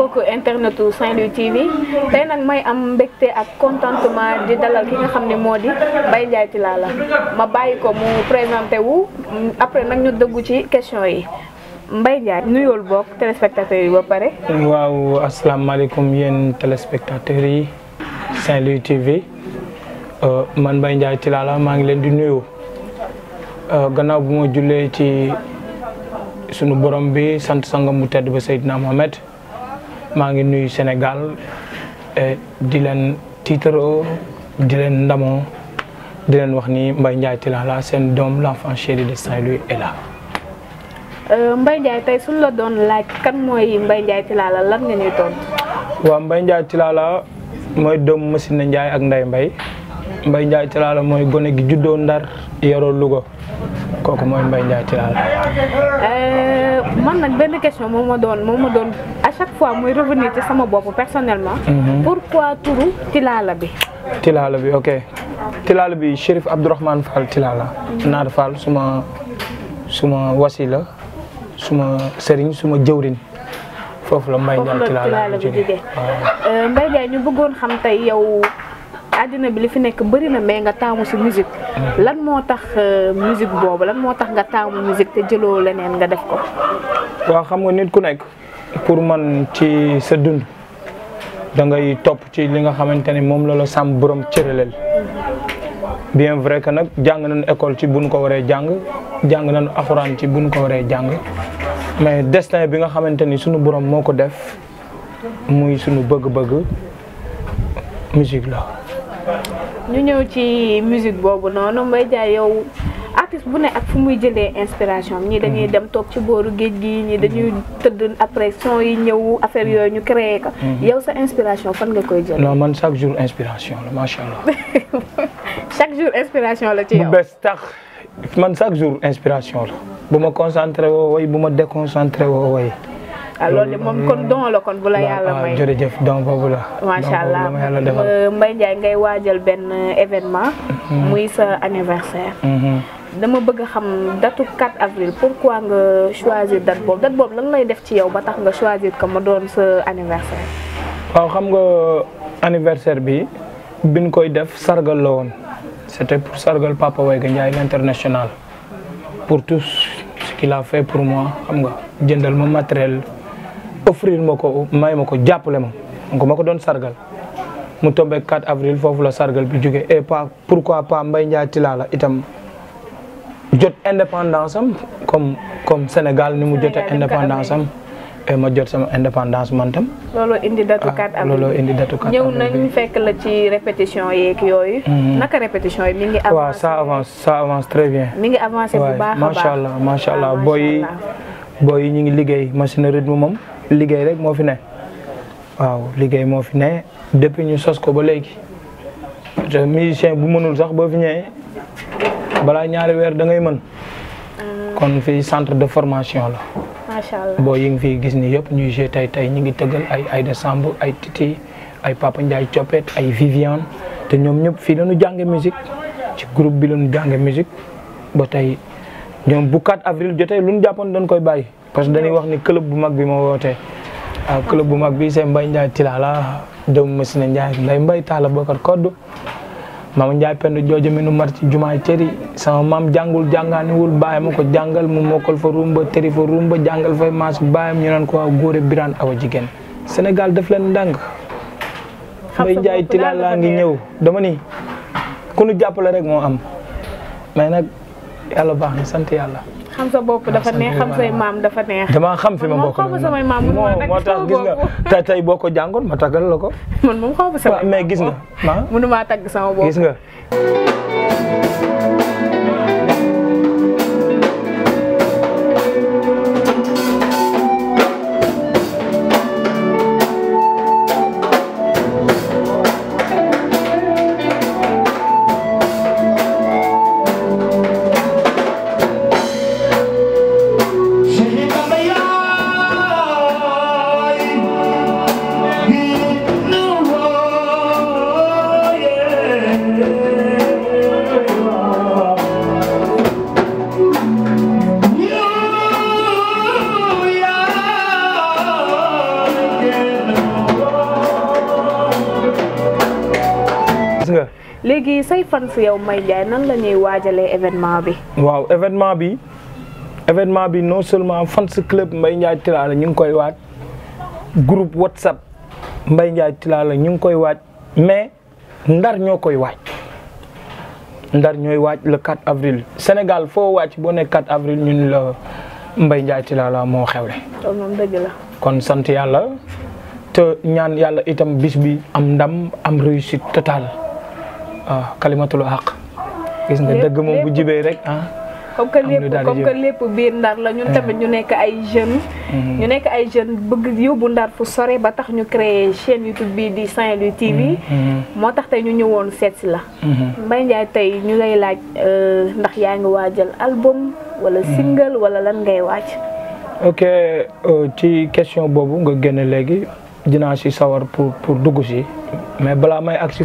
mbokku internetu Saint-Louis TV tay nak may am mbekté ak contentement di dalal ki nga xamné modi bay ndjay ci Ndiaye ma bayiko mu présenté wu après nak ñu dëggu ci question yi mbay ndjay nuyol bok téléspectateur yi ba pare. waaw asalaamaaleykum yéen téléspectateur yi Saint-Louis TV euh, man Mbaye Ndiaye Tilala ma ngi leen di nuyu euh, gannaaw bu mo jullee ci sunu borom bi sante sangam mu tedd ba Seydina mohammed maa ngi nuyu Sénégal eh, di leen tiitaroo di leen ndamoo di leen wax nii Mbaye Ndiaye Tilala seen doom la chéri de Saint-Louis est là. Euh, Mbaye Ndiaye tey suñ la doon laaj kan mooy Mbaye Ndiaye Tilala lan nga ñuy tontu. waaw Mbaye Ndiaye Tilala mooy doomu Masina Ndiaye ak nday mbay Mbaye Ndiaye Tilala mooy gone gi juddoo Ndar yaroo Louga. kooku mooy Mbaye Ndiaye Tilala. Euh, man nag benn question moom ma doon moom ma doon à chaque fois mooy revenir ci sama bopp personnellement. Mhm. pourquoi turu Tilala bi. Tilala bi ok Tilala bi Chérif Abdourahmane Fall Tilala. Naar Fall suma suma wasila suma sëriñ suma jëwriñ. foofu la Mbaye Ndiaye Tilala bi jógee euh, Mbaye Ndiaye ñu bëggoon xam tey yow. adina bi li fi nek bëri na mais nga tamu musik musique lan motax euh, musique bobu lan motax nga tamu musique te jëloo leneen nga def ko wa xam nga nit ku nek pour man ci sa dund da ngay top ci li nga xamanteni mom la lo sam borom cëraleel bien vrai que nak jang nañ école ci buñ ko waré jang jang nañ alcorane ci buñ ko waré jang mais destin bi nga xamanteni suñu sunu borom moko def muy sunu bëgg-bëgg musique la ñu ñëw ci musique boobu noonu Mbaye Ndiaye yow artiste bu ne ak fu muy jëlee inspiration am dañuy mm-hmm. dem toog ci booru géej gi ñii dañuy mm-hmm. tëdd après son yi ñëw affaire mm-hmm. yooyu ñu créé ko. yow sa inspiration fan nga koy jël non man chaque jour inspiration la macha allah. chaque jour inspiration la ci yow. tax man chaque jour inspiration la. bu ma concentré woo way bu ma déconcentré woo way loolu de moom kon don ya, ah, la kon bu la yàlla may jërëjëf don boobu la macha allah Mbaye Ndiaye eh, ngay waajal benn eh, événement hmm. muy sa anniversaire hmm. dama bëgg a xam datu 4 avril pourquoi nga choisir date boobu date boobu lan lay def ci yow ba tax nga choisir ko ma doon sa anniversaire waaw xam nga anniversaire bi bin koy def sargal la woon c'était pour sargal Papa Wayga Ndiaye l'international pour tous, ce qu'il a fait pour moi xam nga jëndal ma matériel offrir mako ko may ma ko jàppale ma donc ma ko sargal mu tombe 4 avril fofu la sargal bi jóge et pas pourquoi pas Mbaye Ndiaye Tilala itam jot indépendance am comme comme Sénégal ni mu jotee indépendance am et ma jot sama indépendance man tam. lolo indi datu 4 ah, avril lolo indi datu 4 avril ñëw nañ fekk la ci répétition yeeg yoy mm-hmm. naka répétition yi mi ngi. avance waaw ça avance ça avance très bien. mi ngi avancer bu baax ma sha Allah ma sha ah, allah boy boy ñi ngi liggéey machine rythme mom liggéey rek moo fi ne waaw liggéey moo fi ne depuis ñu sos ko ba léegi parce que musicien bu mënul sax boo fi ñëwee balaa ñaari weer dangay ngay mën ah. kon fii centre de formation la macha allah boo yi ngi fii gis ni yëpp ñuy joué tey tey ñu ngi tëggal ay ay décembre ay titi ay Papa Coppet ay Viviane te ñoom ñëpp fii lañu jànge musique ci groupe bi lañu jànge musique ba tey ñoom bu 4 avril jotee lu ñu jàppoon dañ koy bàyyi parce que dañuy wax ni club bu mag bi mo wote club ah, bu mag bi c'est mbay Ndiaye Tilala dom Masina Ndiaye lay mbay tala Bokar Koddu mam Ndiaye Penda jooju nu mar ci jumaay teeri sama mam jangul jangani wul baye mako jangal mu mokol fa rumba teeri fa rumba jangal fay mas baye ñu nan ko waaw góore biraan awa jigen senegal def len dang mbay Ndiaye Tilala ngi ñew ya? dama ni ku nu rek mo am mais nak yalla baax na sant ma sa bopp dafa neex xam say maam dafa neex. damaa xam fi ma bokk man moom samay maam moo tax gis nga tey tey boo ko jàngoon ma taggal la ko. man moom xaw ma sama mais gis nga. Ah. mënu maa tagg sama bopp gis nga. léegi say fan si yow Mbaye Ndiaye nan la ñuy waajalee événement bi. waaw événement bi événement bi non seulement fans club Mbaye Ndiaye Tilala ñu ngi koy waaj group WhatsApp Mbaye Ndiaye Tilala ñu ngi koy waaj mais ndar ñoo koy waaj. ndar ñooy waaj la 4 avril Sénégal foo wàcc boo nekk 4 avril ñun la Mbaye Ndiaye Tilala moo xew kon kon sant yàlla te ñaan yàlla itam bis bi am ndam am réussite totale. ah kalimatul haq gis nga deug mom bu jibe rek ah comme que lepp comme que lepp bi ndar la ñun eh. tamit ñu nekk ay jeune mhm. ñu nekk ay jeune bëgg bu ndar fu sore ba tax ñu créer chaîne youtube bi di saint louis tv mo mhm, mhm. tax tay ñu ñëwoon set si la mbay ndjay tay ñu lay laaj euh, ndax yaa nga wajal album wala single wala lan ngay wajj ok euh, ci question bobu nga génne légui dina ci sawar pour pour dugg si mais bala may ak si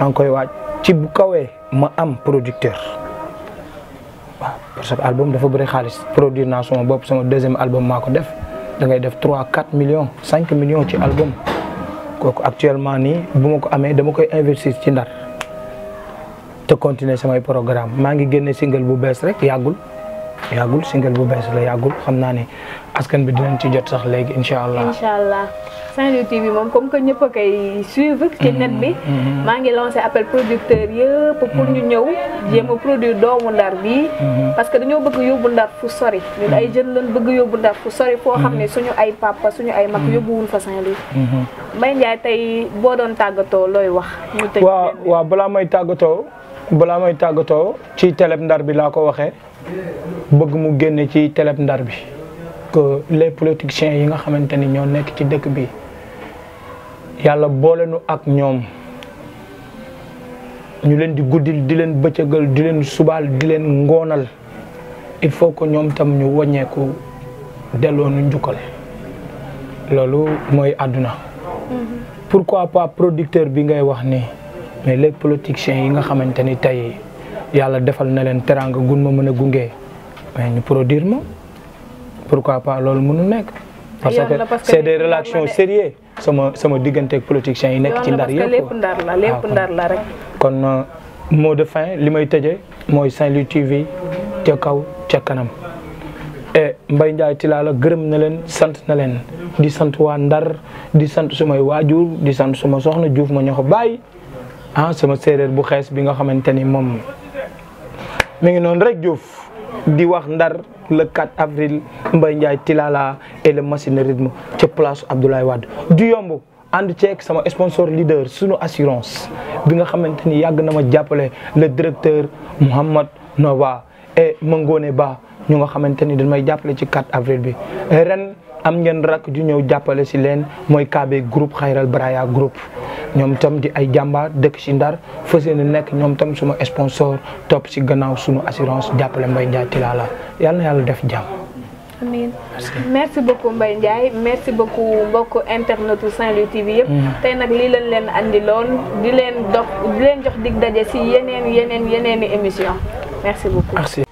maa ngi koy waaj ci bu kawee ma am producteur waaw parce que album dafa bëri xaalis produire naa sama bopp sama deuxième album maa ko def da def trois quatre million cinq million ci album kooku actuellement nii bu ma ko amee dama koy investir ci ndar te continuer samay programme maa ngi génne single bu bees rek yàggul yàggul single bu bees la yàggul xam naa ne askan bi dinañ ci jot sax léegi incha allah. incha allah Saint-Louis TV moom comme que ñëpp a koy suivre. ci mm-hmm. net bi. Mm-hmm. maa ngi lancé appel producteurs yëpp. pour ñu mm-hmm. ñëw jéem a produire doomu ndar bi parce que dañoo bëgg yóbbu ndar fu sori. ñun ay jën lañ bëgg yóbbu ndar fu sori. foo xam ne suñu ay papa suñu ay mag yóbbuwul fa Saint-Louis. Mbaye Ndiaye tey boo doon tàggatoo looy wax. ñu waa balaa may tàggatoo balaa may tàggatoo ci télé Ndar bi laa ko waxee. bëgg mu génne ci teleb ndar bi que les politiciens yi nga xamante ni ñoo nekk ci dëkk bi yàlla boole nu ak ñoom ñu leen di guddil di leen bëccëgal di leen subaal di leen ngoonal il faut que ñoom tam ñu wàññeeku delloo nu njukkal loolu mooy àdduna mm-hmm. pourquoi pas producteur bi ngay wax ni mais les politiciens yi nga xamante ni tey yalla defal na len teranga gun ma meuna gungé gunge mais ñu produire ma pourquoi pas lolou meunu nek parce que c'est des relations sérieuses sama sama diggante ak politiciens yi nek ci ndar yépp lépp ndar la lépp ah, ndar la rek. kon euh, mot de fin limay tejé moy Saint-Louis TV ca kaw ca kanam e mbay ndjay Tilala gërem na len sant na len di sant wa Ndar di sant suma wajur di sant suma soxna djouf ma ñoko bay ah sama séeréer bu xess bi nga xamanteni mom mi ngi noonu rek Diouf di wax ndar le 4 avril Mbaye Ndiaye Tilala et le machine rythme ca place Abdoulaye Wade du yomb ànd ceeg sama sponsor leader sunu assurance bi nga xamante ni yàgg na ma jàppale le directeur Mouhamad Nova et Mangone Ba ñu nga xamante ni dañ may jàppale ci 4 avril bi ren. am ngeen rak ju ñew jappalé ci lène moy KB groupe Khairal Braya groupe ñom tam di ay jamba dekk ci ndar fas yéene nekk tam suma sponsor top si gannaaw sunu assurance jappalé Mbaye Ndiaye Tilala yalla na yàlla def jàmm. amin merci beaucoup Mbaye Ndiaye merci beaucoup mbokk internet Saint-Louis TV yëpp. Mm. tay nak li lañ leen lool di leen dox di leen jox dig dajé si yenen yenen yenen émission merci beaucoup. merci.